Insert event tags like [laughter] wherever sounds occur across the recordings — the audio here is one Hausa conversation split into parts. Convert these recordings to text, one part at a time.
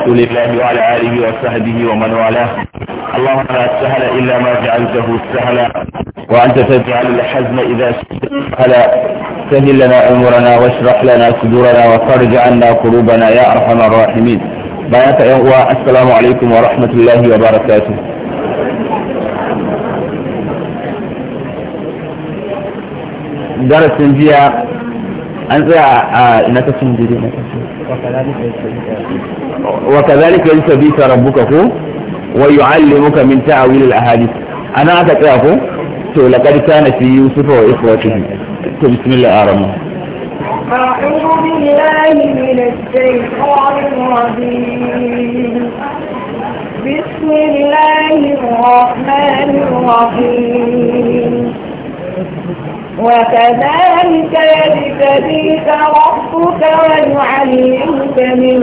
رسول الله وعلى آله وصحبه ومن والاه اللهم لا سهل إلا ما جعلته سهلا وأنت تجعل الحزن إذا سهل سهل لنا أمورنا واشرح لنا صدورنا وفرج عنا قلوبنا يا أرحم الراحمين بيات أيها السلام عليكم ورحمة الله وبركاته درس جيا أنت آه، آه، نتفهم جديد وكذلك يجب سبيك ربك هو ويعلمك من تعويل الأحاديث أنا أتكره تو لقد كان في يوسف وإخوته بسم الله أعلم آه، أعوذ بالله من الشيطان الرجيم بسم الله الرحمن الرحيم وكذلك يجتبيك ربك ويعلمك من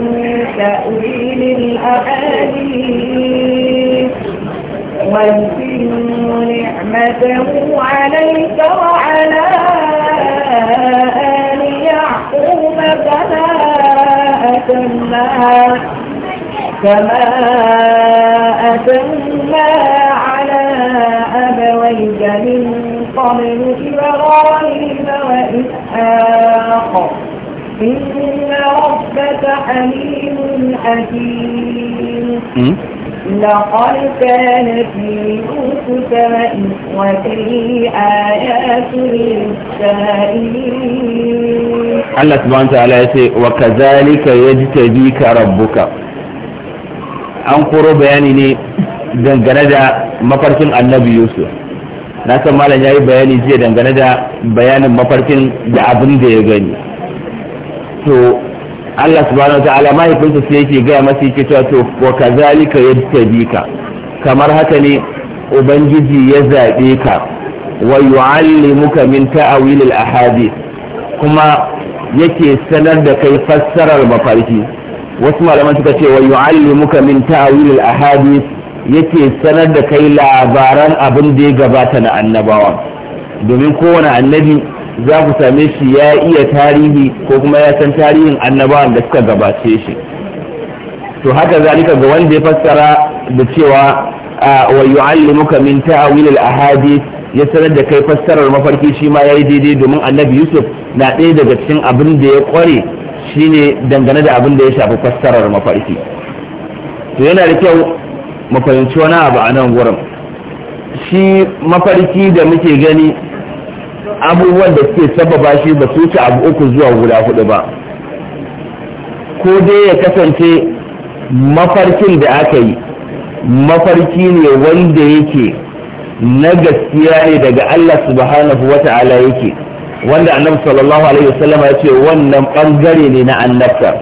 تأويل الأحاديث ويتم نعمته عليك وعلى آل يعقوب كما أتمها كما أتمها على أبويك من قبل إن ربك wa حكيم hmm? لقد كان في يوسف الله سبحانه وكذلك يجتبيك ربك an koro bayani ne dangane da mafarkin annabi yusuf na san malam ya yi bayani jiya dangane da bayanin mafarkin da abin ya gani to Allah subhanahu ta'ala mahaifinsa sai yake gaya masa yake cewa to wa kazalika yajtabika kamar haka ne ubangiji ya zabe ka wa yu'allimuka min ta'wil al-ahadith kuma yake sanar da kai fassarar mafarki wasu malaman suka ce wa yu'allimuka min ta'wil al-ahadith yake sanar da kai labaran abin da ya gabata na annabawa domin kowane annabi za ku same shi ya iya tarihi ko kuma ya san tarihin annabawan da suka gabace shi to haka zalika ga wanda ya fassara da cewa wa yu'allimuka min ta'wil al-ahadith ya sanar da kai fassarar mafarki shi ma yayi daidai domin annabi Yusuf na ɗaya daga cikin abin da ya kware shine dangane da abin da ya shafi fassarar mafarki to yana da kyau mu fahimci wani abu a nan gurin shi mafarki da muke gani abubuwan da suke sababa shi ba su wuce abu uku zuwa guda hudu ba ko dai ya kasance mafarkin da aka yi mafarki ne wanda yake na gaskiya ne daga Allah subhanahu wa ta'ala yake wanda annabi sallallahu alaihi wasallam ya ce wannan bangare ne na annabta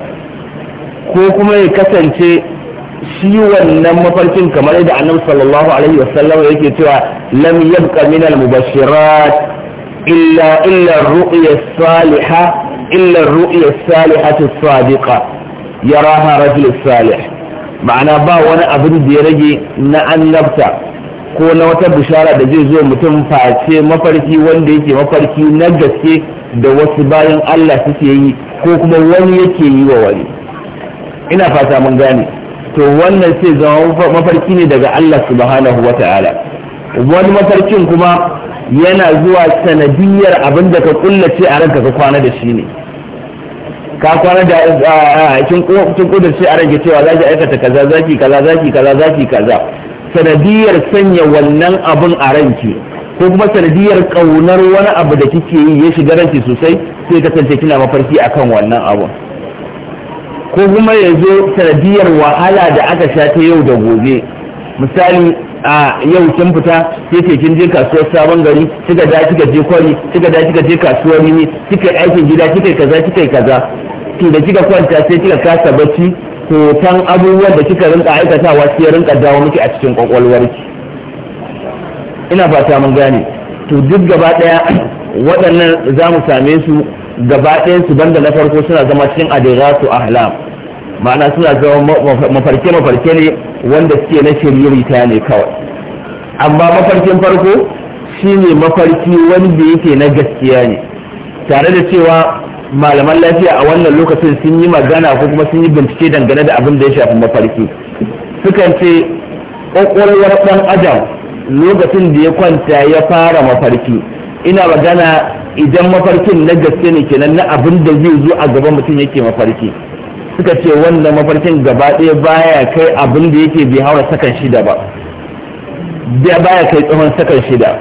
ko kuma ya kasance shi wannan mafarkin kamar yadda annabi sallallahu alaihi wasallam yake cewa lam yabqa min al-mubashirat إلا إلا الرؤية الصالحة إلا الرؤية الصالحة الصادقة ya رجل الصالح ma'ana ba wani abin da ya rage na annabta ko na wata bishara da zai zo mutum face mafarki wanda yake mafarki na gaske da wasu bayan Allah suke yi ko kuma wani yake yi wa wani ina fata mun gane to wannan sai zama mafarki ne daga Allah subhanahu wa ta'ala wani mafarkin kuma yana zuwa sanadiyar abin da ka kullace a ranka ka kwana da shi ne ka kwana da kin kudurce a ranka cewa za ki aikata kaza za ki kaza za ki kaza za ki kaza sanadiyar sanya wannan abin a ranki ko kuma sanadiyar kaunar wani abu da kike yi ya shiga ranki sosai sai kasance kina mafarki akan wannan abun ko kuma ya zo sanadiyar wahala da aka sha ta yau da gobe misali a yau kin fita sai ke kin je kasuwar sabon gari kika da kika je kwari kika da kika je kasuwar ne kika aikin gida kika kaza kika kaza to da kika kwanta sai kika kasa bacci hoton abubuwan da kika rinka aikatawa sai ya rinka dawo miki a cikin ki ina fata mun gane to duk gaba daya [clears throat] waɗannan zamu same su gaba ɗayan su banda na farko suna zama cikin adiratu ahlam ma'ana suna zama mafarke mafarke ne wanda suke na shiririta ne kawai amma mafarkin farko shine mafarki wanda yake na gaskiya ne tare da cewa malaman lafiya a wannan lokacin sun yi magana ko kuma sun yi bincike dangane da abin da ya shafi mafarki sukan ce ƙwaƙwalwar ɗan adam lokacin da ya kwanta ya fara mafarki ina magana idan mafarkin na gaske ne kenan na abin da zai zo a gaban mutum yake mafarki suka ce wannan mafarkin gaba ɗaya baya kai abin da yake bi haura sakan shida ba baya kai tsawon sakan shida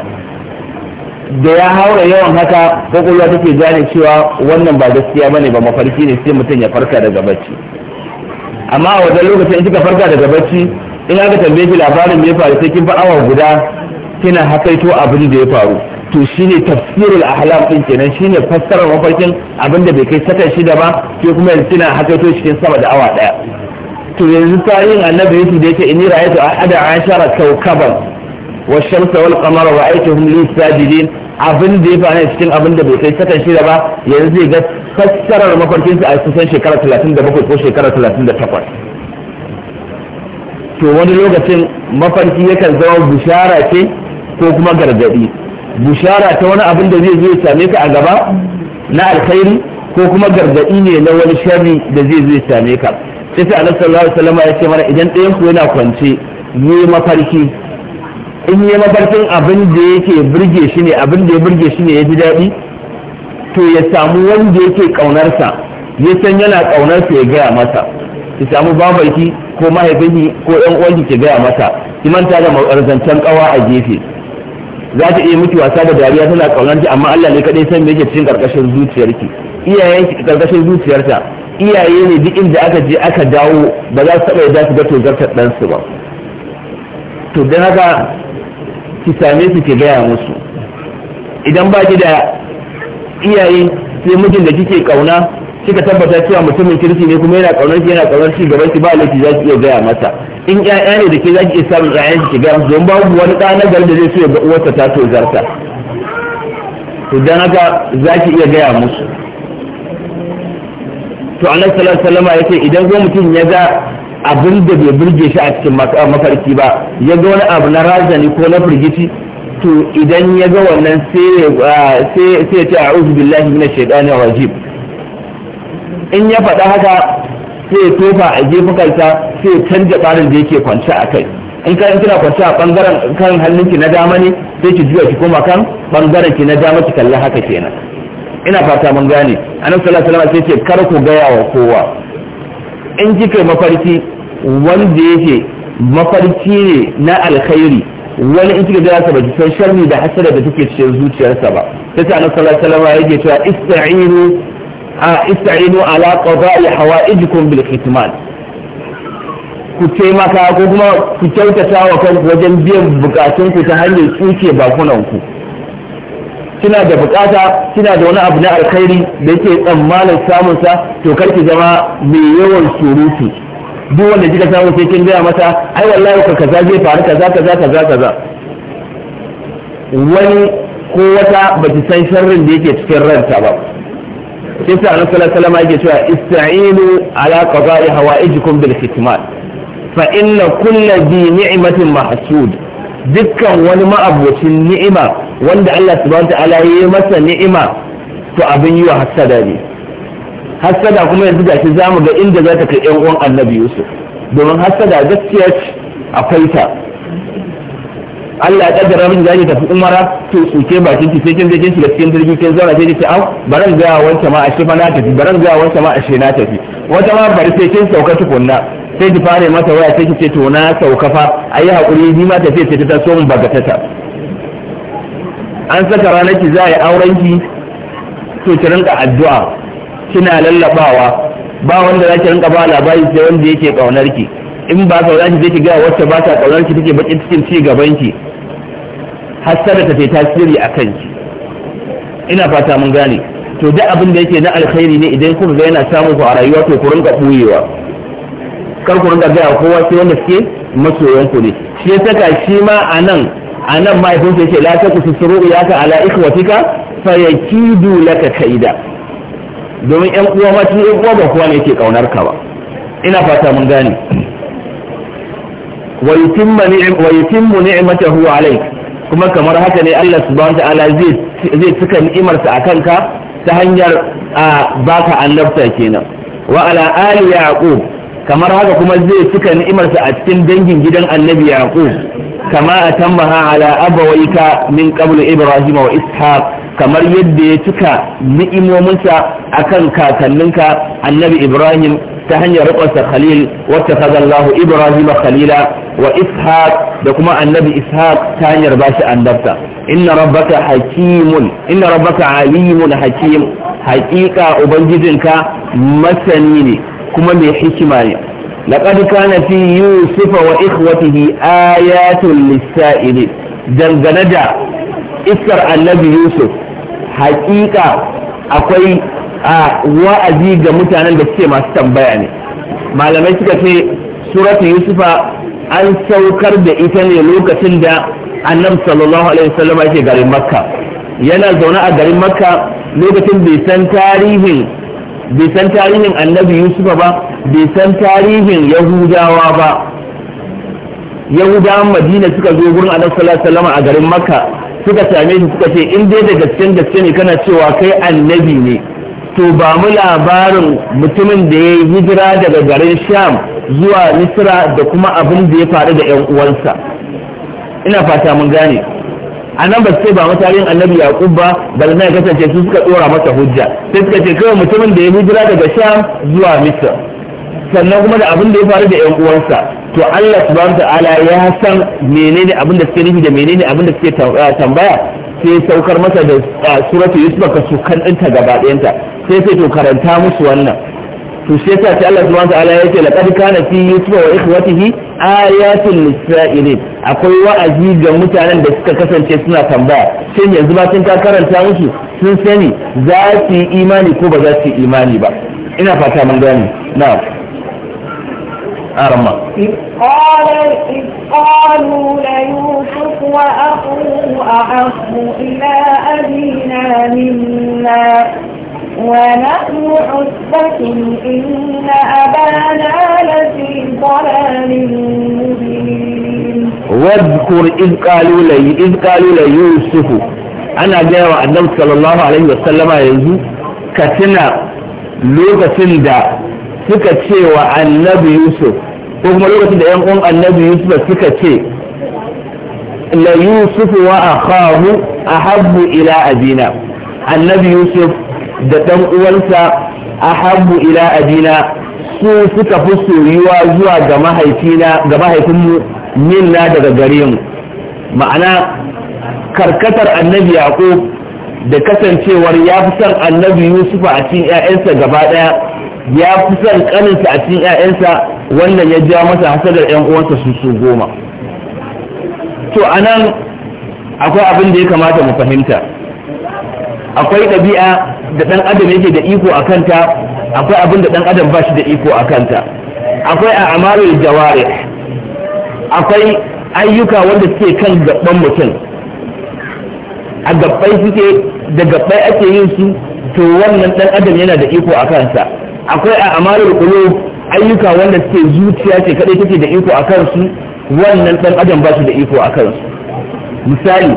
da ya haura yawan haka kwakwalwa take gane cewa wannan ba gaskiya bane ba mafarki ne sai mutum ya farka daga bacci amma a wajen lokacin in kika farka daga bacci in aka tambaye ki labarin me ya faru sai kin fa awa guda kina hakaito abin da ya faru to shi ne tafsirul ahlam din kenan shi ne fassarar mafarkin abinda bai kai sakan shida ba sai kuma yanzu tana to cikin sama da awa daya to yanzu ta tarihin annabi yake da yake inni ra'aytu ahada ashara kawkaban wa shamsa wal qamara ra'aytuhum li sajidin abin ya fara cikin abin bai kai sakan shida ba yanzu zai ga fassarar mafarkin sa a kusan shekara 37 ko shekara 38 to wani lokacin mafarki yakan zama bishara ce ko kuma gargaɗi bushara ta wani abin da zai zo ya same ka a gaba na alkhairi ko kuma gargadi ne na wani sharri da zai zo ya same ka sai sai annabi sallallahu alaihi wasallam ya ce mana idan ɗayan ku yana kwance yi mafarki in yi mafarkin abin da yake burge shi ne abin da ya burge shi ne ya ji daɗi to ya samu wanda yake ƙaunarsa ya san yana ƙaunarsa ya gaya masa ki samu babarki ko mahaifinki ko ɗan uwanki ki gaya masa ki manta da zancen ƙawa a gefe za ta iya miki wasa da dariya tana kaunar ki amma Allah ne kadai san me yake cikin karkashin zuciyarki ki karkashin zuciyarta iyaye ne duk inda aka je aka dawo ba za su taba yadda su ga dan su ba to dan haka ki same su ki gaya musu idan ba ki da iyaye sai mijin da kike kauna kika tabbata cewa mutumin kirki ne kuma yana kaunar ki yana kaunar shi gaban ki ba laifi za ki iya gaya masa in ƴaƴa ne da ke za ki iya samun ƴaƴan ki ga don babu wani ɗa na da zai so ya ga uwarsa ta tozarta to dan haka za ki iya gaya musu to annabi sallallahu alaihi ya ce idan zo mutum ya ga abin da bai burge shi a cikin mafarki ba ya ga wani abu na razani ko na firgici to idan ya ga wannan sai ya ce a'udhu billahi minash shaitani rajim in ya faɗa haka sai ya tofa a gefukansa sai ya canja tsarin da yake kwance a kai in ka kina kwance a bangaren kan hannunki na dama ne sai ki juya ki koma kan bangaren ki na dama ki kalla haka kenan ina fata mun gane annabi sallallahu alaihi wasallam sai ce kar ku gaya wa kowa in kika mafarki wanda yake mafarki ne na alkhairi wani in kika jira sa ba san sharri da hasada da take cikin zuciyarsa ba sai annabi sallallahu alaihi wasallam yake cewa ista'inu a ista'inu ala qada'i hawaijikum bil khitman ku taimaka ko kuma ku kyautata wa kanku wajen biyan bukatun ku ta hanyar tsuke bakunanku ku kina da bukata kina da wani abu na alkhairi da yake tsammanin samun sa to kar ki zama mai yawan surutu duk wanda kika samu sai kin gaya mata ai wallahi ka kaza zai faru kaza kaza kaza kaza wani ko wata baki san sharrin da yake cikin ranta ba shi sa annabi sallallahu alaihi wasallam yake cewa ista'inu ala qada'i hawaijikum bil khitman fa inna kulla bi ni'matin mahsud dukkan wani ma'abocin ni'ima wanda Allah subhanahu ta'ala ya masa ni'ima to abin yi wa hasada ne hasada kuma yanzu gashi zamu ga inda za ta kai yan uwan Annabi Yusuf domin hasada gaskiya akwai ta Allah ya kaddara da zaki tafi umara to tsuke bakin ki sai kin je kin shiga cikin jirgi kin zauna sai ce au baran ga wancan ma ashe fa na tafi baran ga wancan ma ashe na tafi wata ma bari sai kin sauka tukunna sai ki fare mata waya sai kin ce to na sauka fa ayi hakuri ni ma tafi sai ta so mun bagatata an saka ranar ki za a yi auren ki to ki rinka addu'a kina lallabawa ba wanda za ki rinka ba labari sai wanda yake kaunar ki in ba ka wani zai ga wacce ba ta kaunar ki take bakin cikin ci gaban ki hasara ta ta tasiri a ki. ina fata mun gane to duk abin da yake na alkhairi ne idan kuka ga yana samu ku a rayuwa to ku rinka buyewa kar ku rinka gaya kowa sai wanda suke masoyan ku ne shi ya saka shi ma a nan a nan ya ce la ta kusa ya ka ala ikhwatika fa yakidu laka kaida domin yan uwa ma tun ƴan uwa ba kowa ne yake kaunar ka ba ina fata mun gane wa yutimma ni'am wa yutimmu ni'matahu alayk kuma kamar haka ne Allah subhanahu wataala zai zai cika ni'imarsa akan ka ta hanyar baka annabta kenan wa ala ali yaqub kamar haka kuma zai cika ni'imarsa a cikin dangin gidan annabi yaqub kama atammaha ala abawaika min qabl ibrahim wa ishaq kamar yadda ya cika ni'imominsa akan kakanninka annabi ibrahim ta hanyar rikonsa khalil wacce ta zallahu ibrahim khalila wa ishaq da kuma annabi ishaq ta hanyar bashi annabta inna rabbaka hakimun inna rabbaka alimun hakim haqiqa ubangijinka masani ne kuma mai hikima ne laqad kana fi yusufa wa ikhwatihi ayatun lis dangane da iskar annabi yusuf haƙiƙa akwai a wa'azi ga mutanen da suke masu tambaya ne malamai suka ce suratun yusufa an saukar da ita ne lokacin da annabi sallallahu alaihi wasallam yake garin makka yana zaune a garin makka lokacin bai san tarihin bai san tarihin annabi yusufa ba bai san tarihin yahudawa ba yahudawan madina suka zo gurin annabi sallallahu alaihi wasallam a garin makka suka same shi suka ce in dai da gasken gaske ne kana cewa kai annabi ne to ba mu labarin mutumin da ya yi hijira daga garin sham zuwa Misira da kuma abin da ya faru da yan uwansa ina fata mun gane a nan ba su ce ba mutarin annabi yaƙub ba ba na kasance su suka tsora masa hujja sai suka ce kawai mutumin da ya hijira daga sham zuwa misra sannan kuma da abin da ya faru da yan uwansa to Allah subhanahu ta'ala ya san menene abin da suke nufi da menene abin da suke ah, tambaya sai saukar masa da ah, suratu yusuf ka su kan dinta gaba ɗayanta sai sai to karanta musu wannan to sai sa ta Allah subhanahu ta'ala yake laqad kana fi yusuf wa ikhwatihi ayatul lisa'ilin akwai wa'azi ga mutanen da suka kasance suna tambaya shin yanzu ba sun ka karanta musu sun sani za su yi imani ko ba za su yi imani ba ina fata mun gane na'am أرمى إذ قال إذ قالوا ليوسف وأخوه أحب إلى أبينا منا ونحن عصبة إن أبانا لفي ضلال مبين واذكر إذ قالوا لي إذ قالوا ليوسف أنا جاء النبي صلى الله عليه وسلم يزيد ka tuna lokacin suka ce wa annabi yusuf ko kuma lokacin da 'yan uwan annabi yusuf suka ce la yusuf wa akhahu ahabbu ila abina annabi yusuf da dan uwansa ahabbu ila abina su suka fi soyuwa zuwa ga mahaifina ga mahaifinmu minna daga gare mu ma'ana karkatar annabi yaqub da kasancewar ya fi son annabi yusuf a cikin 'ya'yansa gaba ɗaya. ya fi son kaninsa a cikin 'ya'yansa wannan ya ja masa hasadar 'yan uwansa su su goma to a nan akwai abin da ya kamata mu fahimta akwai ɗabi'a da ɗan adam yake da iko a kanta akwai abin da ɗan adam ba shi da iko a kanta akwai a amarar jawari akwai ayyuka wanda suke kan gaban mutum a gabbai suke da gabbai ake yin su to wannan ɗan adam yana da iko a kansa akwai a amalar qulub ayyuka wanda suke zuciya ce kadai take da iko a kansu wannan dan adam ba shi da iko a kansu misali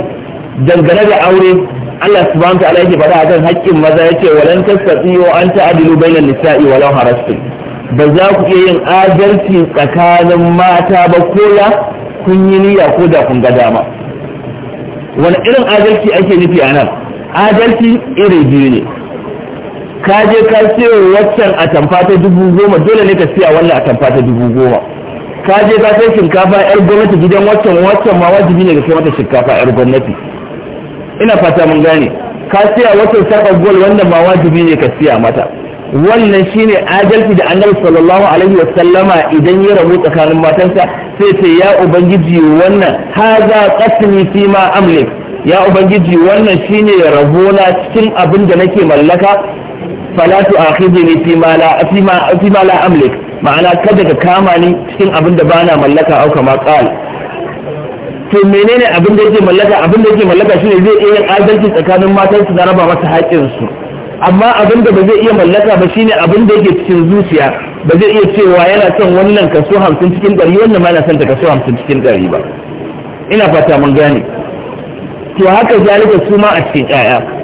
dangane da aure Allah subhanahu ta'ala yake faɗa akan hakkin maza yake walan wa an ta'dilu bainan nisa'i law harastum ba za ku iya yin adalci tsakanin mata ba ko ya kun yi niyya ko da kun ga dama wani irin adalci ake nufi a nan adalci iri biyu ne ka je ka siyo waccan a tamfa ta dubu goma dole ne ka siya wannan a tamfa ta dubu goma ka je ka sai shinkafa yar gwamnati gidan waccan waccan ma wajibi ne ka kai mata shinkafa yar gwamnati ina fata mun gane ka siya waccan saka gol wanda ma wajibi ne ka siya mata wannan shine adalci da annabi sallallahu alaihi wa sallama, idan ya rabu tsakanin matansa sai sai ya ubangiji wannan haza qasmi fi ma amlik ya ubangiji wannan shine rabona cikin abin da nake mallaka fala tu akhidni fi ma la fi ma la amlik ma'ana kada ka kama ni cikin abin da bana mallaka au kama qal to menene abin da yake mallaka abin da yake mallaka shine zai iya yin adalci tsakanin matan su da raba masa haƙƙin su amma abin da ba zai iya mallaka ba shine abin da yake cikin zuciya ba zai iya cewa yana son wannan kaso 50 cikin 100 wannan ma yana son ta kaso 50 cikin 100 ba ina fata mun gane to haka zalika su ma a cikin ƙaya.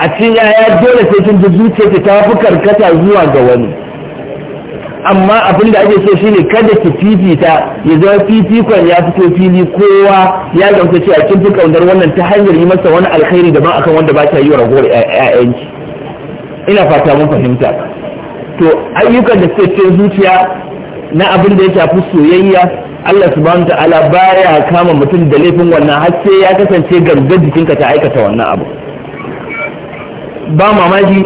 a cikin yaya dole sai sun ji zuciyarki ta fi karkata zuwa ga wani amma abin da ake so shine kada ki fifita ya zama fifikon ya fito fili kowa ya gamsa ce kin fi kaunar wannan ta hanyar yi masa wani alkhairi daban akan wanda ba ta yi wa ragowar 'ya'yanci ina fata mun fahimta to ayyukan da suke cikin zuciya na abin da ya shafi soyayya Allah subhanahu ta'ala baya kama mutum da laifin wannan har sai ya kasance gangar jikinka ta aikata wannan abu ba mamaki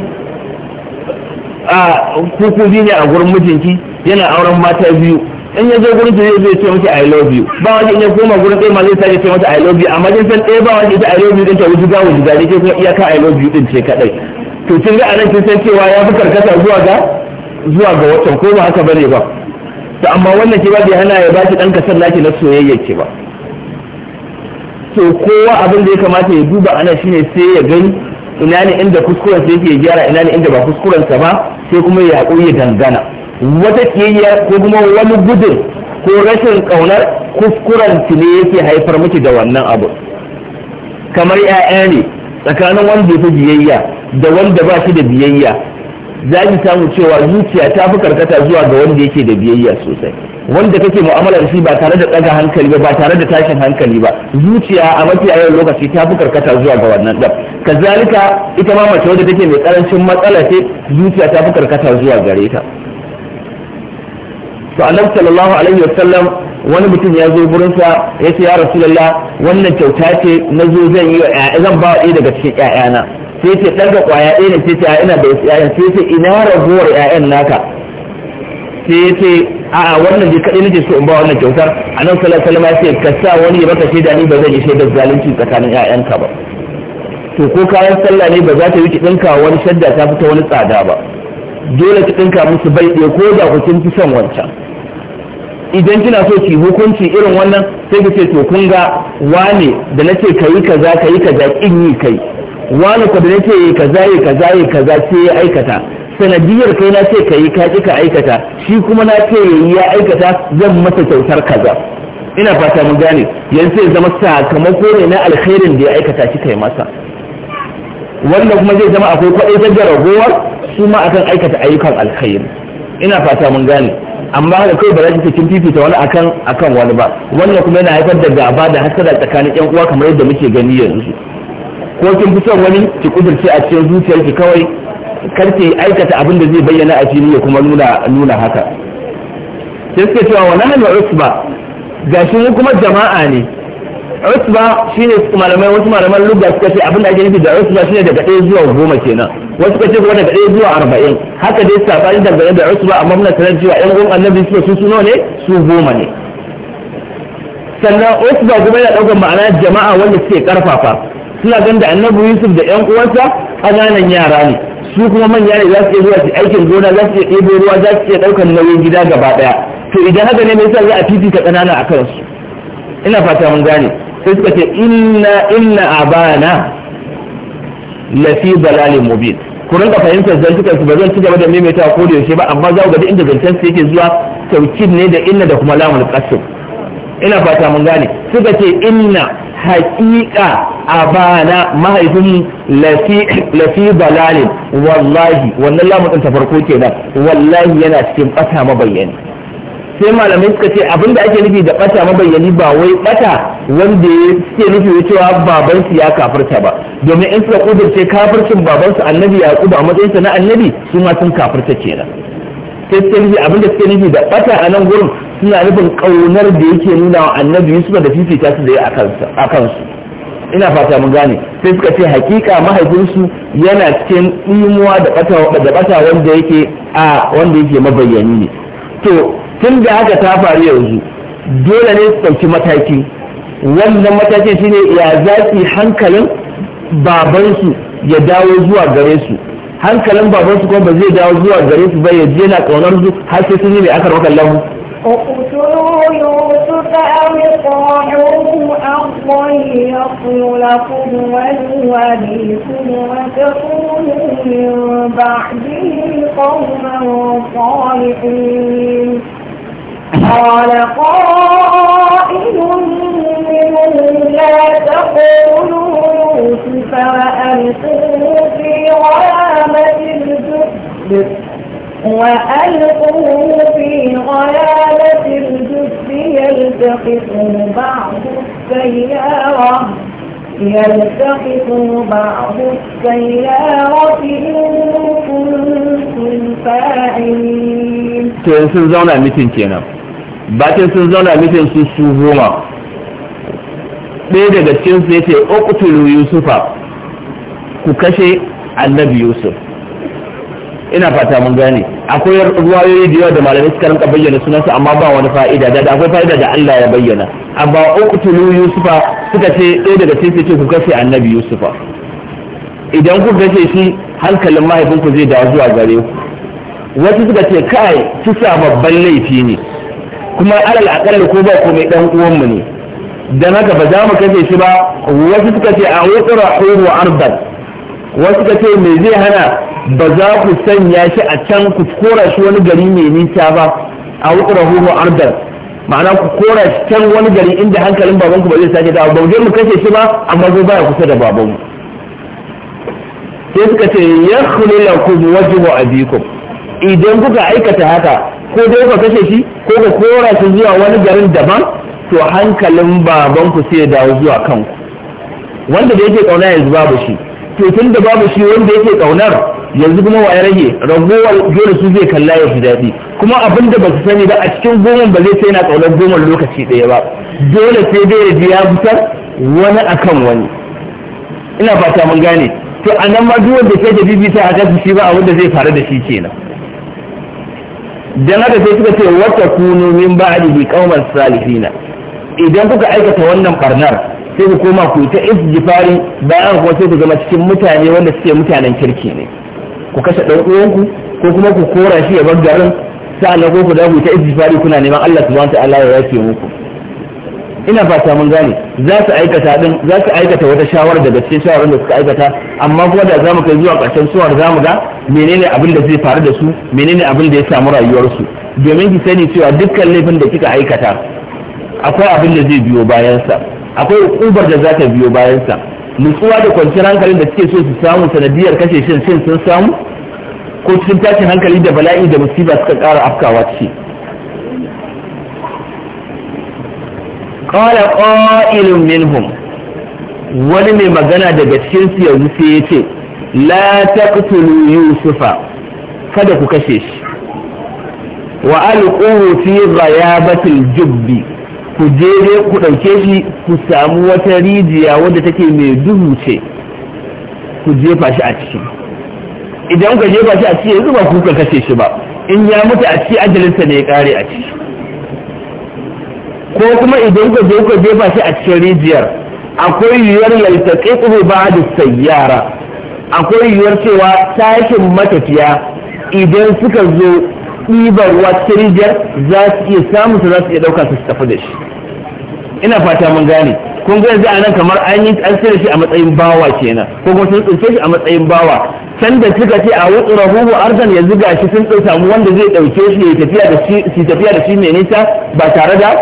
a kukuzi ne a gurin mijinki yana auren mata biyu in ya zo gurin ki zai zai ce miki i love you ba wani in ya koma gurin kai ma zai sake ce mata i love you amma jinsan san ɗaya ba wani ita i love you din ta wuce gawo jiga ne ke kuma iyaka i love you din ce kaɗai to kin ga anan kin san cewa ya fi karkata zuwa ga zuwa ga watan ko ba haka bane ba to amma wannan ke ba bai hana ya baki ɗan kasar naki na soyayya ke ba to kowa abin da ya kamata ya duba ana shine sai ya gani ina ne inda kuskuren sa yake gyara ina ne inda ba kuskuren sa ba sai kuma ya haƙuri dangana wata kiyayya ko kuma wani gudun ko rashin ƙaunar kuskuren ki ne yake haifar miki da wannan abu kamar 'ya'ya ne tsakanin wanda ya fi biyayya da wanda ba shi da biyayya za ki samu cewa zuciya ta fi karkata zuwa ga wanda yake da biyayya sosai wanda kake mu'amala shi ba tare da tsaga hankali ba ba tare da tashin hankali ba zuciya a mafi a lokaci ta fi karkata zuwa ga wannan dan kazalika ita ma mace wadda take mai karancin matsala ce zuciya ta fi karkata zuwa gare ta to annabi sallallahu alaihi wasallam wani mutum ya zo gurinsa ya ce ya rasulullah wannan kyauta ce na zo zan yi zan ba ɗaya daga cikin ƴaƴana sai ce ga ƙwaya ɗaya ne sai ce a ina da wasu ƴaƴan sai ce ina ragowar ƴaƴan naka sai ce a a wannan je kaɗai nake so in ba wannan kyautar a nan sallallahu alaihi wasallam ya ce ka sa wani ya baka shaida ni ba zan yi shaidar zalunci tsakanin ƴaƴanka ba to ko kayan sallah ne ba za ta yi ki ɗinka wani shadda ta fita wani tsada ba dole ki ɗinka musu bai ɗaya ko da ku kin fi son wancan idan kina so ki hukunci irin wannan sai ki ce to kun ga wane da nace kayi kaza kayi kaza kin yi kai wani ku da nake yi kaza yi kaza yi kaza sai ya aikata sanadiyar kai na ce ka yi ka ka aikata shi kuma na ce ya yi ya aikata zan masa kyautar kaza ina fata mun gane yanzu ya zama sakamako ne na alkhairin da ya aikata shi kai masa wannan kuma zai zama akwai kwaɗai ta ragowar su ma akan aikata ayyukan alkhairi ina fata mun gane amma haka kai ba za ki kin fifita wani akan akan wani ba wannan kuma yana haifar da gaba da hasada tsakanin yan uwa kamar yadda muke gani yanzu ko kin fi son wani ki kudurce a cikin zuciyarki kawai kar ki aikata abin da zai bayyana a fili ya kuma nuna nuna haka sai suka cewa wannan ne usba gashi mu kuma jama'a ne usba shine malamai wasu malaman lugha suka ce abin da ake nufi da usba shine daga 1 zuwa 10 kenan wasu suka ce kuma daga 1 zuwa 40 haka dai sabani dangane da usba amma muna sanar cewa yan uwan annabi su su ne su goma ne sannan usba kuma yana ɗaukar ma'ana jama'a wanda suke karfafa suna ganin da annabi yusuf da yan uwansa ƙananan yara ne su kuma manya ne za su iya zuwa su aikin gona za su iya ɗebo ruwa za su iya ɗaukar nauyin gida gaba ɗaya to idan haka ne me yasa za a fifita ƙanana a kansu ina fata mun gane sai suka ce inna inna abana fi dalalin mubin ku rinka fahimtar zantukan su ba zan ci gaba da maimaitawa ko da yaushe ba amma za ku ga inda zancen su yake zuwa taukin ne da inna da kuma lamul qasr ina fata mun gane suka ce inna haƙiƙa bana mahaifin lafi balalin wallahi wannan lamuɗin ta farko kenan wallahi yana cikin ɓata mabayyani sai malamai suka ce abinda ake nufi da ɓata mabayyani ba wai ɓata wanda ya suke nufi cewa babansu ya kafirta ba domin in suka kudurce kafircin babansu annabi yaƙub a matsayinsa na annabi su ma sun kafirta kenan sai suke nufi abin da suke nufi da ɓata a nan gurin suna nufin ƙaunar da yake nuna wa annabi yusuf da fifita su da ya a kansu ina fata mun gane sai suka ce hakika mahaifinsu yana cikin imuwa da bata wanda yake a wanda yake mabayyani ne to tun da haka ta faru yanzu dole ne su ɗauki mataki wannan mataki shine ya zafi hankalin babansu ya dawo zuwa gare su hankalin babansu kuma ba zai dawo zuwa gare su ba ya je na ƙaunar su har sai sun yi mai akar wakan lahu اقتلوا يوسف أو اطرحوه أرضا يصل لكم وليكم وتكونوا من بعده قوما صالحين وألقوه في غيابة بعض السيارة بعض السيارة إن كنتم فاعلين. sun zauna mitin bakin sun zauna mitin su su goma ɗaya daga cikinsu ya ce uqtulu yusufa ku kashe annabi yusuf ina fata mun gane akwai ruwayoyi da yawa da malamai suka rinka bayyana sunansa amma ba wani fa'ida da akwai fa'ida da Allah ya bayyana amma uqtulu yusufa suka ce ɗaya daga cikin ce ku kashe annabi yusufa idan ku kashe shi hankalin mahaifinku zai dawo zuwa gare ku wasu suka ce kai kisa babban laifi ne kuma alal akalla ko ba mai dan uwanmu ne dan haka ba za mu kashe shi ba wasu suka ce a wutsura wa ardan wasu ka ce me zai hana ba za ku sanya shi a can ku kora shi wani gari mai nisa ba a wuƙurahu ardar ma'ana ku kora shi can wani gari inda hankalin babanku ba zai sake dawo ba mu kashe shi ba amma zo baya kusa da babanmu sai suka ce ya khulilakum wajhu abikum idan kuka aikata haka ko dai ku kashe shi ko ku kora shi zuwa wani garin daban to hankalin babanku sai ya dawo zuwa kanku wanda da yake kauna yanzu babu shi to tun da babu shi wanda yake kaunar yanzu kuma wa ya rage ragowar dole su zai kalla ya fi daɗi kuma abin da ba su sani ba a cikin goma ba zai sai na kaunar goma lokaci ɗaya ba dole sai dai ya ji ya fitar wani akan wani ina fata mun gane to a nan ma duk wanda sai da bibita a kasu shi ba abin da zai faru da shi kenan dan haka sai suka ce wata kunu min bi qauman salihina idan kuka aikata wannan barnar sai ku koma ku ta isjifari bayan kuma sai ku zama cikin mutane wanda suke mutanen kirki ne ku kashe ɗan uwanku ko kuma ku kora shi ya bar garin sa'annan ko ku da ku ta isjifari kuna neman Allah subhanahu ta'ala ya yake muku ina fata mun gane za su aikata din za su aikata wata shawara daga cikin shawarar da suka aikata amma kuma da zamu kai zuwa ƙarshen suwar zamu ga menene abin da zai faru da su menene abin da ya samu rayuwarsu domin ki sani cewa dukkan laifin da kika aikata akwai abin da zai biyo bayansa akwai ukubar da za ta biyo bayansa nutsuwa da kwanciyar hankalin da suke so su samu sanadiyar kashe shin shin sun samu ko cikin tashin hankali da bala'i da musiba suka kara afkawa ce qala qa'ilun minhum wani mai magana daga cikin su yanzu sai ya ce la taqtulu yusufa kada ku kashe shi wa alquhu fi ghayabatil jubbi ku je dai ku ɗauke shi ku samu wata rijiya wadda take mai duhu ce ku jefa shi a ciki idan ku jefa shi a ciki yanzu ba ku kuka kashe shi ba in ya mutu a ciki ajalinsa ne ya kare a ciki ko kuma idan ku je ku jefa shi a cikin rijiyar akwai yiwuwar ba da sayyara akwai yiwuwar cewa tashin matafiya idan suka zo ɗibar ruwa cikin rijiyar za su iya samun su za su iya ɗauka su tafi da shi ina fata mun gane kun ga yanzu anan kamar an yi an da shi a matsayin bawa kenan ko kuma sun tsince shi a matsayin bawa can da suka ce a wutsu rahuhu arzan yanzu shi sun tsin samu wanda zai ɗauke shi ya tafiya da shi tafiya da shi mai nisa ba tare da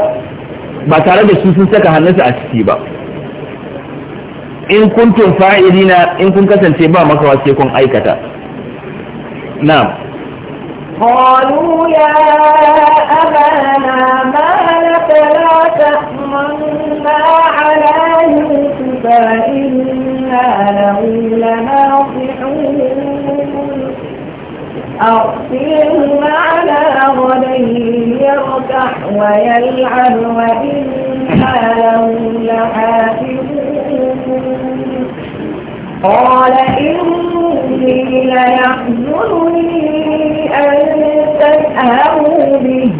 ba tare da shi sun saka hannunsa a ciki ba in kuntum fa'ilina in kun kasance ba makawa sai kun aikata na'am قالوا يا أبانا ما لك لا تأمنا على يوسف إنا له لناصحون أرسله معنا غدا يرتح ويلعب وإنا له لحافظون قال إني ليحزنني أن فاذهبوا به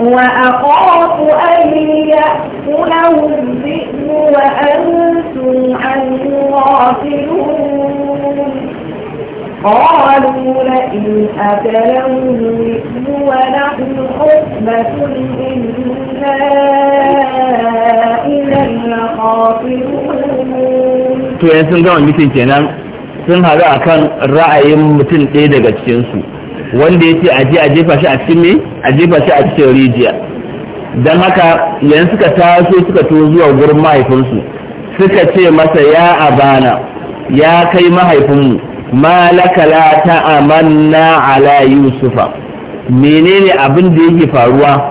وأخاف أن يأكله الذئب وأنتم عنه غافلون قالوا لئن أكله الذئب ونحن حكمة إنا إذا لخاطئون to yanzu sun gama mutum kenan sun haɗu a ra'ayin mutum ɗaya daga cikinsu wanda yace aje a jefa shi a cikin ne a jefa shi a cikin rijiya dan haka yanzu suka taso suka to zuwa gurin mahaifinsu suka ce masa ya abana ya kai mahaifinmu malaka la amanna ala yusufa menene abin da yake faruwa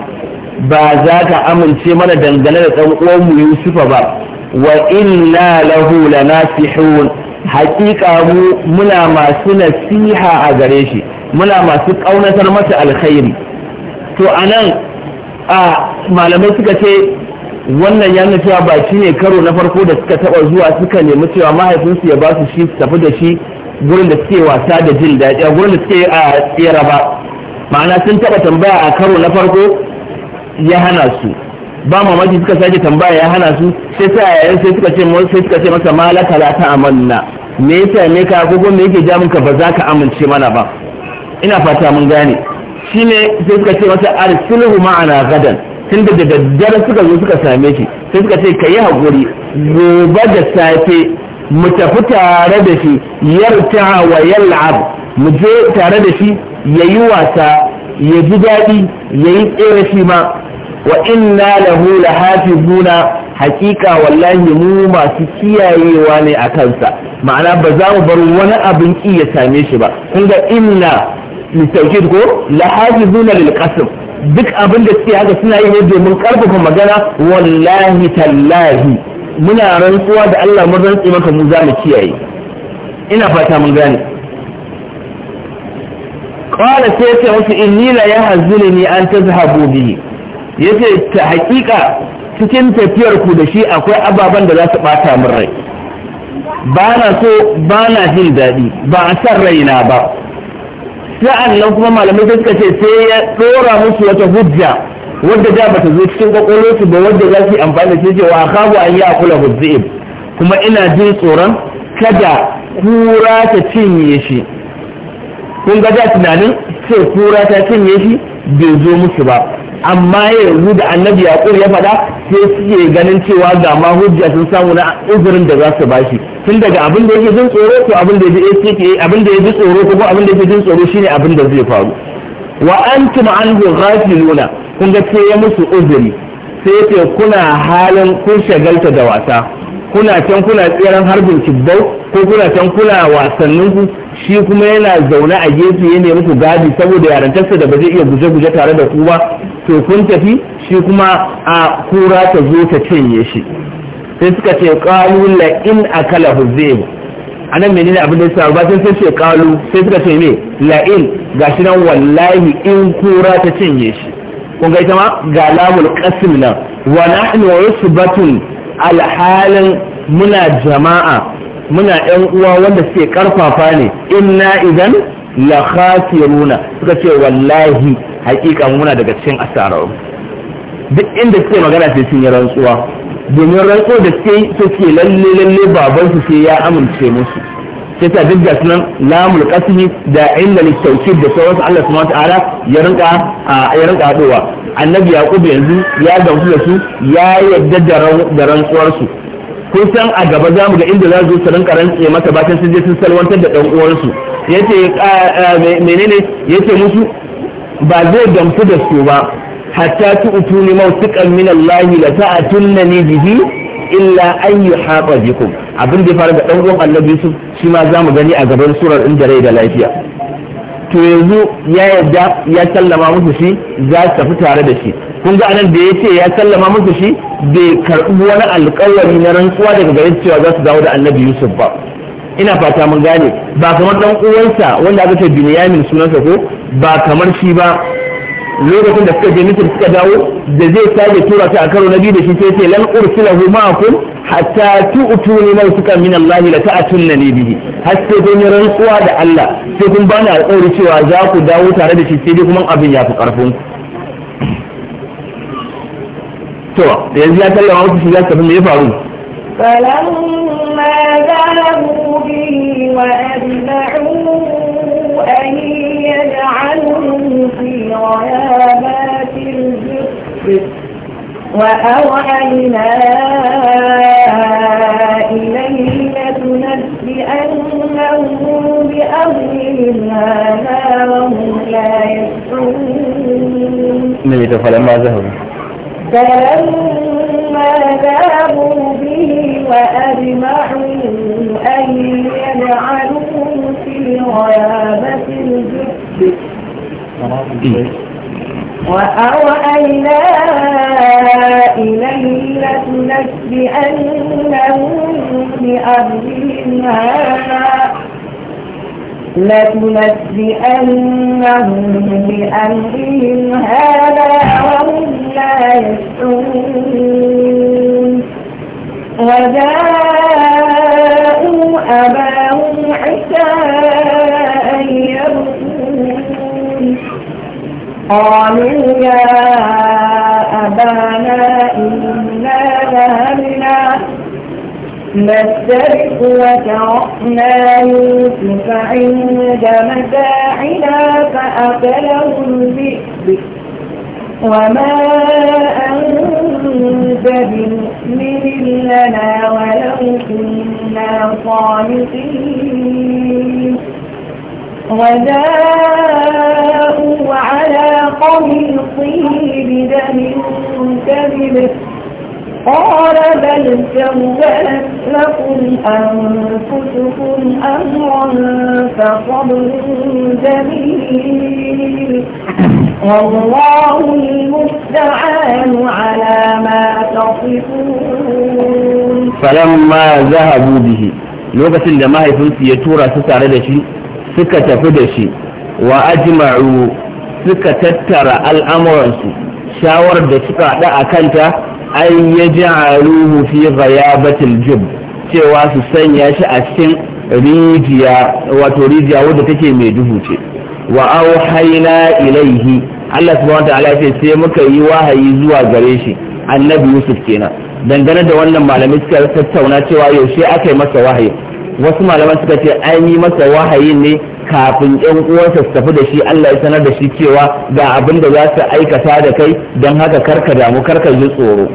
ba za ka amince mana dangane da ɗan mu yusufa ba wa inna lahu lanasihun hakika mu muna masu nasiha a gare shi muna masu ƙaunatar masa alkhairi to a nan a malamai suka ce wannan ya nuna cewa ba shi ne karo na farko da suka taɓa zuwa suka nemi cewa mahaifinsu ya ba su shi su tafi da shi gurin da suke wasa da jin daɗi a gurin da suke a tsira ba ma'ana sun taɓa tambaya a karo na farko ya hana su ba mamaki suka sake tambaya ya hana su sai sa yayin sai suka ce sai suka ce masa malaka la ta amanna me yasa me ka ko me yake jamin ka ba za ka amince mana ba ina fata mun gane shi ne sai suka ce masa sulhu ma'ana gadan tun da daddare suka zo suka same shi sai suka ce ka yi haƙuri gobe da safe mu tafi tare da shi yarta wa yal'ab mu je tare da shi ya yi wasa ya ji daɗi ya yi tsere shi ma wa inna lahu lahafizuna haƙiƙa wallahi mu masu kiyayewa ne a kansa ma'ana ba za mu bar wani abin ki ya same shi ba kun ga inna للتوكيد كو لحافظون للقسم duk abin da suke haka suna yi ne domin karfafa magana wallahi tallahi muna rantsuwa da Allah mun rantsi maka mu za mu kiyaye ina fata mun gane qala sai ce wasu inni la yahzunni an tazhabu bi yace ta hakika cikin tafiyar ku da shi akwai ababan da za su bata min rai ba so ba na jin daɗi ba a san raina ba sa'an nan kuma malamai sai suka ce sai ya tsora musu wata hujja wadda da bata zo cikin kwakwalwarsu ba wadda za su yi amfani da shi ce wa kabu an yi akula hujji'ib kuma ina jin tsoron kada kura ta cinye shi kun ga da tunanin sai kura ta cinye shi bai zo musu ba amma yanzu da annabi yaƙur ya faɗa sai suke ganin cewa ga ma hujja sun samu na uzurin da za su bashi tun daga abin da yake jin tsoro ko abin da yake abin da yake tsoro ko abin da yake jin tsoro shine abin da zai faru wa antum anhu ghafiluna kun ga ce ya musu uzuri sai ce kuna halin kun shagalta da wasa kuna can kuna tseren harbin kibbau ko kuna can kuna wasannin ku shi kuma yana zaune a gefe ya nemi ku gadi saboda yarantarsa da ba zai iya guje-guje tare da ku ba to kun tafi shi kuma a kura ta zo ta cinye shi sai suka ce kalu la in akala huzayb anan menene abin da ya ba sai sai ce kalu sai suka ce me la in gashi nan wallahi in kura ta cinye shi kun ga ita ma ga lamul qasm nan wa nahnu yusbatun alhalin muna jama'a muna ɗan uwa wanda suke karfafa ne inna idan la khasiruna suka ce wallahi hakika muna daga cikin asara duk inda suke magana sai sun yi rantsuwa domin rantsuwa da suke suke lalle lalle baban su sai ya amince musu sai ta duk da sunan lamul qasmi da inda litawkid da sauransu Allah subhanahu ta'ala ya rinka ya rinka haduwa annabi yaqub yanzu ya gamsu da su ya yadda da rantsuwar su a gaba zamu ga inda za su rinka rantse mata bakin sun je sun salwantar da dan uwansu yace ah, ah, menene yace musu ba zai damfu da su ba hatta tu'tuni mawtiqan min Allah la ni bihi illa an yuhaqa bikum abin da ya da dan uwan Annabi Yusuf shi ma zamu gani a gaban surar inda da lafiya to yanzu ya yadda ya sallama musu shi za su tafi tare da shi kun ga anan da ya ce ya sallama musu shi bai karɓi wani alƙawari na rantsuwa daga gare cewa za su dawo da annabi yusuf ba ina fata mun gane ba kamar dan uwansa wanda aka ce binyamin sunansa ko ba kamar shi ba lokacin da suka je misir suka dawo da zai sake tura ta a karo na biyu da shi sai ce lan ursilahu ma'akum hatta ni mawsuka min Allah la ni bihi har sai kun yi rantsuwa da Allah sai kun bani alƙawari cewa za ku dawo tare da shi sai dai kuma abin ya fi karfin to yanzu ya tallama wasu shi za su tafi mai ya faru فلما ذهبوا به أن يجعلهم في غيابات وأوحينا إليه لتنبئنهم بأمرهم هذا وهم لا يشعرون. فلما ذهبوا فلما ذابوا به وأجمعوا أن يجعلوه في غيابة الجب وأوأينا إليه لتنبئنهم بأمرهم هذا لتنبئنهم بأمرهم هذا يسعون وجاءوا أباهم عشاء يبكون قالوا يا أبانا إنا ذهبنا نسترق وتركنا يوسف عند متاعنا فأكله الذئب وما أنت بمؤمن لنا ولو كنا صالحين وجاءوا على قميصه بدم كذب قال بل سولت لكم أنفسكم أمرا فصبر جميل والله المستعان على ما تصفون فلما ذهبوا به lokacin da mahaifinsu ya tura su tare da shi suka tafi da shi wa ajma'u suka tattara al'amuransu shawar da suka haɗa a kanta an ya ji aruhu fi ghayabatil jub cewa su sanya shi a cikin rijiya wato rijiya wadda take mai duhu ce wa auhayna ilaihi Allah subhanahu wataala ya ce sai muka yi wahayi zuwa gare shi annabi Yusuf kenan dangane da wannan malamai suka tattauna cewa yaushe aka yi masa wahayi wasu malaman suka ce an yi masa wahayi ne kafin yan uwansa su tafi da shi Allah ya sanar da shi cewa ga abin da za su aikata da kai don haka karka damu karka ji tsoro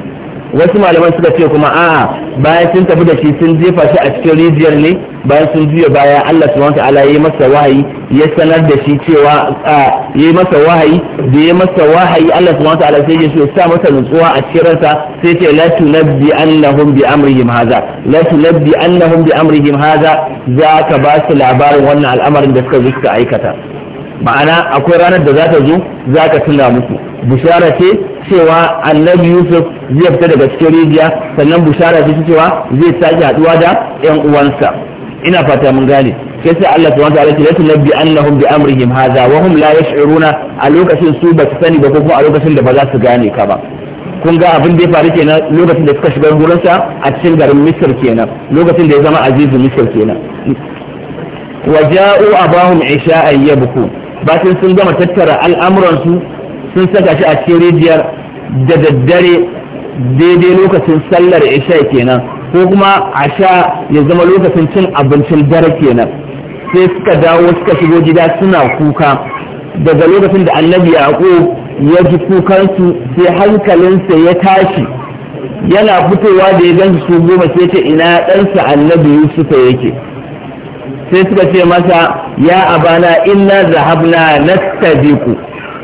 wasu malaman suka ce kuma a'a bayan sun tafi da shi sun jefa shi a cikin rijiyar ne bayan sun juya baya Allah subhanahu ta'ala yayi masa wahayi ya sanar da shi cewa a yayi masa wahayi da yayi masa wahayi Allah subhanahu ta'ala sai ya so sa masa nutsuwa a cikin ransa sai ce la tunabbi annahum bi amrihim hadha la tunabbi annahum bi amrihim hadha zaka ba su labarin wannan al'amarin da suka zo suka aikata ma'ana akwai ranar da za ta zo za ka tuna musu bushara ce cewa annabi yusuf zai fita daga cikin rijiya sannan bushara ce cewa zai sake haduwa da yan uwansa ina fata mun gane sai sai Allah subhanahu wataala ce lati nabbi annahum bi amrihim hadha wa hum la yash'uruna a lokacin su ba su sani ba ko kuma a lokacin da ba za su gane ka ba kun ga abin da ya faru kenan lokacin da suka shiga gurinsa a cikin garin misir kenan lokacin da ya zama azizu misir kenan wa ja'u abahum isha'an yabku batin sun gama tattara al'amuransu sun saka shi a cikin rijiyar da daddare daidai lokacin sallar isha kenan ko kuma a sha ya zama lokacin cin abincin dare kenan sai suka dawo suka shigo gida suna kuka daga lokacin da annabi yaƙo ya ji kukansu sai hankalinsa ya tashi yana fitowa da ya gansu su goma sai ce ina ɗansa annabi yusufa yake sai suka ce masa ya abana inna zahabna nastabiqu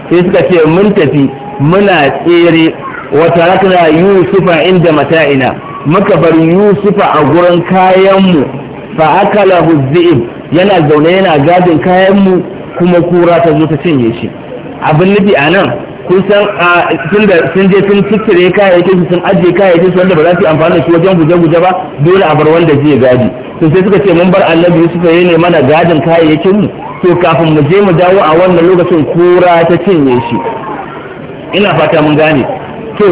sai suka ce mun tafi muna tsere wa tarakna yusufa inda mata'ina muka bar yusufa a gurin kayanmu fa akala dhi'b yana zaune yana gadin kayanmu kuma kura ta zo ta cinye shi abin nufi a nan kun san tun da sun je sun cikkire kayayyakin su sun ajiye kayayyakin su wanda ba za su yi amfani da shi wajen guje-guje ba dole a bar wanda zai gadi to sai suka ce mun bar annabi yusufa ya ne mana gadin kayayyakin mu to kafin mu je mu dawo a wannan lokacin kura ta cinye shi ina fata mun gane to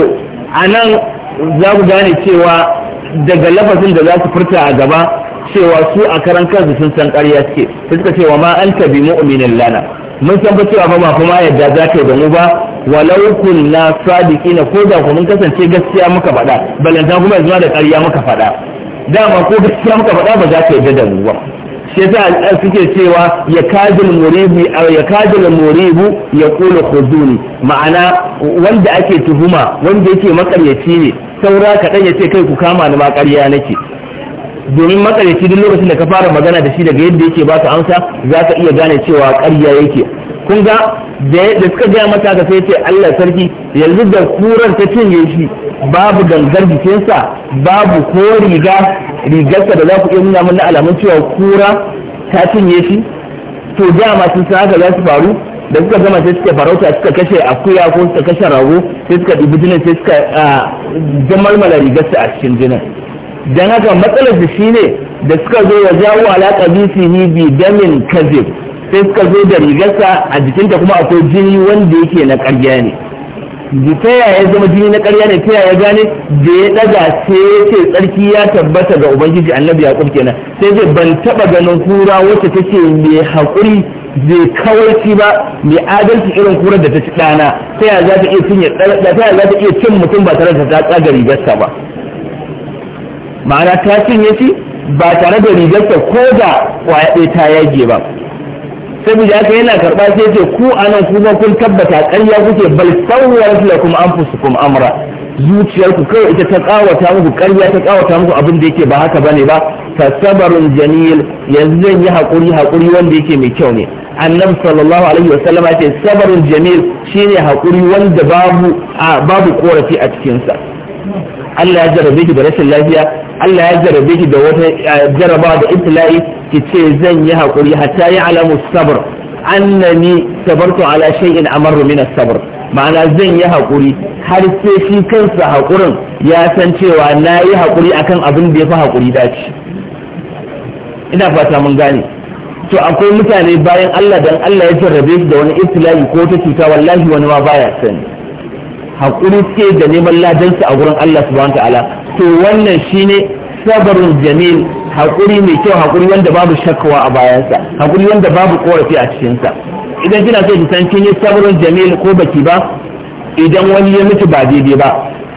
a nan za ku gane cewa daga lafazin da za su furta a gaba cewa su a karan kansu sun san karya suke su suka cewa ma an tabi mu'minin lana mun san fa cewa ba kuma yadda za ka da mu ba walau kunna sadiqina ko da ku mun kasance gaskiya muka faɗa balanta kuma yanzu da ƙarya muka faɗa dama ko gaskiya muka faɗa ba za ka yadda da mu ba shi yasa suke cewa ya kajil muribi aw ya kajil muribu ya kula khuduni ma'ana wanda ake tuhuma wanda yake makaryaci ne saura kaɗan ya ce kai ku kama ni ma ƙarya nake domin makaryaci duk lokacin da ka fara magana da shi daga yadda yake ka amsa za ka iya gane cewa ƙarya yake kun ga da suka gaya mata ka sai ce Allah sarki yanzu da kurar ta cinye shi babu gangar jikinsa babu ko riga rigarsa da za ku iya nuna mana alamun cewa kura ta cinye shi to dama sun san haka za su faru da suka gama sai suka farauta suka kashe akuya ko suka kashe rago sai suka ɗibi jinin sai suka jamalmala rigarsa a cikin jinin dan haka matsalar shi ne da suka zo wa jawo alaƙa bisihi bi damin kazib sai suka zo da rigarsa a jikinta kuma akwai jini wanda yake na karya ne ta yaya zama jini na karya ne ta yaya gane da ya ɗaga sai ya ce tsarki ya tabbata ga ubangiji annabi yaqub na sai zai ban taba ganin kura wacce take mai haƙuri zai kawarci ba mai adalci irin kura da ta ci ɗana ta yaya za ta iya cinye ta yaya za ta iya cin mutum ba tare da ta tsaga rigarsa ba ma'ana ta cinye shi ba tare da rigarsa ko da ɗaya ta yage ba saboda haka yana karba sai ce ku anan kuma kun tabbata ƙarya kuke bal kuma an anfusukum amra zuciyarku kawai ita ta kawata muku ƙarya ta kawata muku abin da yake ba haka bane ba fasabarun jamil yanzu zan yi hakuri hakuri wanda yake mai kyau ne annabi sallallahu alaihi ce sabarun jamil shine hakuri wanda babu babu korafi a cikinsa Allah ya jarabe ki da rashin lafiya Allah ya jarabe ki da wata eh, jaraba da ibtila'i ki ce zan yi hakuri hatta ya alamu sabr annani sabartu ala shay'in amarru min as-sabr ma'ana zan yi hakuri har sai shi kansa hakurin ya san cewa na yi hakuri akan abin da ya fi hakuri dace ina fata mun gane to akwai mutane bayan Allah dan Allah ya jarrabe su da wani ibtila'i ko ta cuta wallahi wani ma baya sani hakuri suke da neman ladansu a gurin Allah subhanahu ta'ala to wannan shine sabarun jamil haƙuri mai kyau haƙuri wanda babu shakkawa a bayansa haƙuri wanda babu korafi a cikinsa idan kina so ki san kin yi sabarun jamil ko baki ba idan wani ya mutu ba daidai ba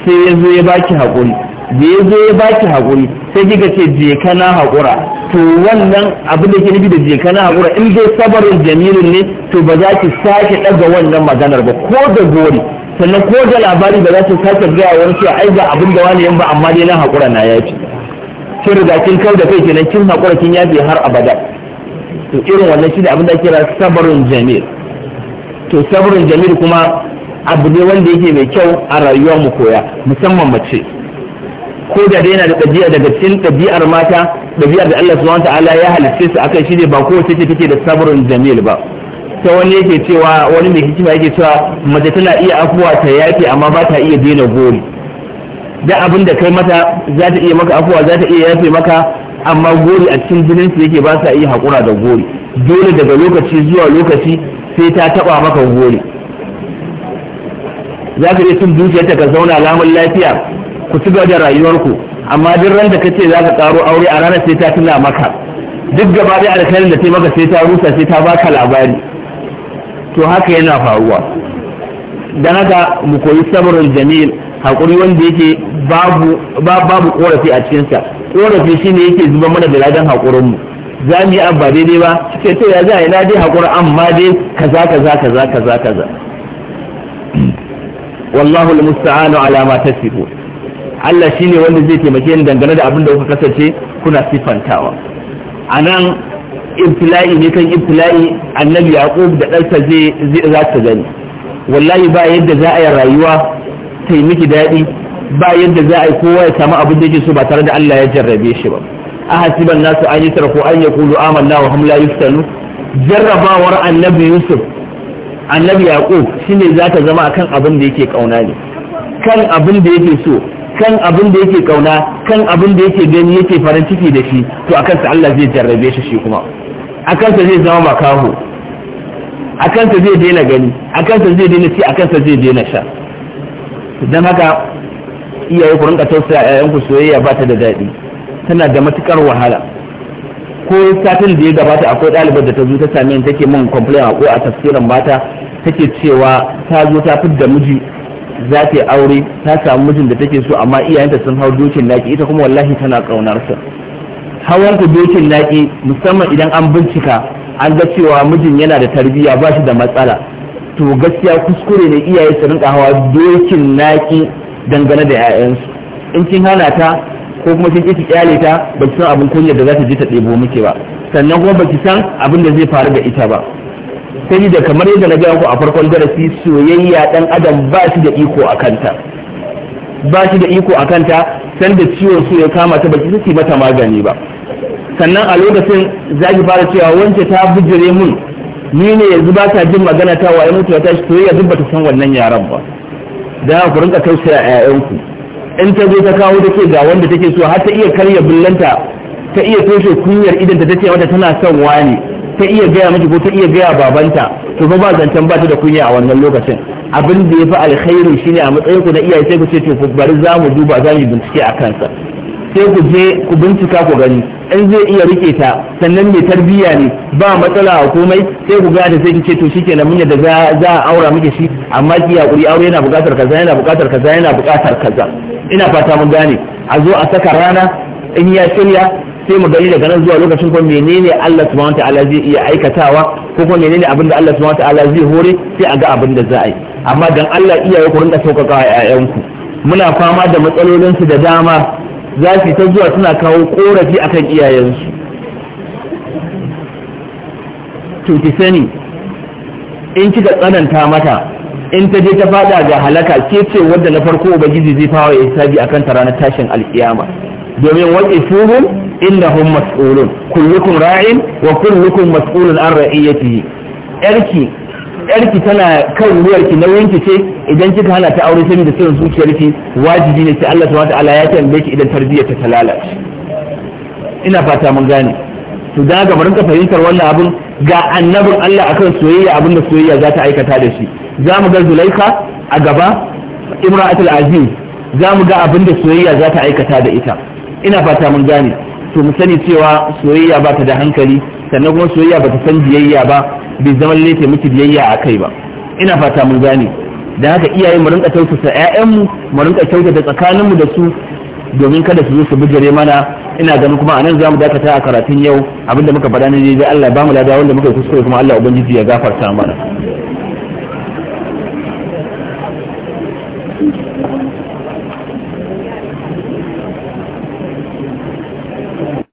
sai ya zo ya baki haƙuri da ya zo ya baki hakuri sai kika ce je kana haƙura to wannan abu da ke nufi da je kana haƙura in dai sabarun jamilin ne to ba za ki sake daga wannan maganar ba ko da gori sannan ko da labari ba za su sake gaya wani cewa ai aiza abin da wani yan ba amma dai na haƙura na yafi kin riga kin kai da kai kenan kin haƙura kin yafi har abada to irin wannan shi da abin da kira sabrun jamil to sabrun jamil kuma abu ne wanda yake mai kyau a rayuwar mu koya musamman mace ko da dai yana da ɗabi'a daga cikin ɗabi'ar mata ɗabi'ar da Allah subhanahu wa ta'ala ya halicce su akai shi ne ba kowace ce take da sabrun jamil ba ta wani yake cewa wani mai hikima yake cewa mace tana iya afuwa ta yafe amma ba ta iya daina gori da abin da kai mata za ta iya maka afuwa za ta iya yafe maka amma gori a cikin jinin su yake ba sa iya hakura da gori dole daga lokaci zuwa lokaci sai ta taɓa maka gori za ka iya cin dukiyarta ka zauna lamun lafiya ku ci da rayuwarku amma duk ran da kace za ka karo aure a ranar sai ta tuna maka duk gaba da alkhairin da ta maka sai ta rusa sai ta baka labari to haka yana faruwa dan haka mu koyi sabrul jamil hakuri wanda yake babu babu korafi a cikin sa korafi shine yake zuba mana da ladan hakurin mu yi abu ba daidai ba sai to ya za a yi na hakuri amma dai kaza kaza kaza kaza kaza wallahu almusta'anu ala ma tasifu Allah shine wanda zai taimake ni dangane da abin da kuka kasance kuna sifantawa anan ibtila'i ne kan ibtila'i annabi yaqub da ɗansa zai za ta gani wallahi ba yadda za a yi rayuwa ta miki daɗi ba yadda za a yi kowa ya samu abin da yake so ba tare da Allah ya jarrabe shi ba a hasiban nasu an yi tarko an ya kulu amanna wa hum la yuftanu jarrabawar annabi yusuf annabi yaqub shine za ta zama akan abin da yake kauna ne kan abin da yake so kan abin da yake kauna kan abin da yake gani yake farin ciki da shi to akan sa Allah zai jarrabe shi shi kuma a zai zama makaho a zai daina gani a zai daina ci akansa zai daina sha don haka iyaye ku rinka tausaya ku soyayya ba ta da daɗi tana da matukar wahala ko satin da ya gabata akwai ɗalibar da ta zo ta same ni take min complain a ko a tafsirin mata take cewa ta zo ta fidda miji za ta yi aure ta samu mijin da take so amma iyayenta sun hau dokin naki ita kuma wallahi tana ƙaunar sa hawan ku dokin naki musamman idan an bincika an ga cewa mijin yana da tarbiyya ba shi da matsala to gaskiya kuskure ne iyaye su rinka hawa dokin naki dangane da 'ya'yansu in kin hana ta ko kuma kin kici kyale ta ba ki san abin kunya da za ta je ta ɗebo miki ba sannan kuma ba ki san abin da zai faru da ita ba sai da kamar yadda na gaya ku a farkon darasi soyayya dan adam ba shi da iko a kanta ba shi da iko a kanta sanda ciwon su ya kama ta baki suke mata magani ba sannan a lokacin za ki fara cewa wance ta bijire mun ni ne yanzu ba ta jin magana ta waye mutu ta shi to ya ta san wannan yaran ba da ku rinka tausaya a yayanku in ta zo ta kawo take ga wanda take so har ta iya karya bullanta ta iya toshe kunyar idan ta ce mata tana son wani ta iya gaya miki ko ta iya gaya babanta to fa ba zancen ba ta da kunya a wannan lokacin abin da ya fi alkhairi shine a matsayin ku na iyaye sai ku ce to bari za mu duba za mu bincike a kansa sai ku je ku bincika ku gani in zai iya rike ta sannan mai tarbiyya ne ba matsala a komai sai ku gada sai ku ce to shikenan mun da za a aura miki shi amma ki hakuri aure yana buƙatar kaza yana buƙatar kaza yana buƙatar kaza ina fata mun gane a zo a saka rana in ya shirya sai mu gani daga nan zuwa lokacin ko menene Allah subhanahu wataala zai iya aikatawa ko kuma menene abin da Allah subhanahu wataala zai hore sai a ga abin da za a yi amma dan Allah iyaye ku rinka sauƙaƙa ƴaƴanku muna fama da matsalolin su da dama za su ta zuwa suna kawo korafi akan iyayensu to ki sani in kika tsananta mata in ta je ta fada ga halaka ke ce wadda na farko ubangiji zai fawa hisabi akan ta ranar tashin alkiyama domin waqifuhum innahum mas'ulun kullukum ra'in wa kullukum mas'ulun an ra'iyatihi yarki yarki tana kan ruwarki nauyinki ce idan kika hana ta aure sai da sirrin ki, wajibi ne sai Allah subhanahu wataala ya tambaye ki idan tarbiyyar ta lalace ina fata mun gane to da ga barin ka fahimtar wannan abin ga annabin Allah akan soyayya abin da soyayya za ta aikata da shi za mu ga Zulaika a gaba Imra'atul Aziz za mu ga abin da soyayya za ta aikata da ita ina fata mun gane to mu sani cewa soyayya ba ta da hankali sannan kuma soyayya ba ta san biyayya ba bai zama lalle miki biyayya a kai ba ina fata mun gane da haka iyaye mu rinka tausasa ƴaƴanmu mu rinka kyautata tsakaninmu da su domin kada su zo su bijire mana ina ganin kuma anan zamu dakata a karatun yau abinda muka faɗa ne dai Allah ba mu lada wanda muka kuskure kuma Allah ubangiji ya gafarta mana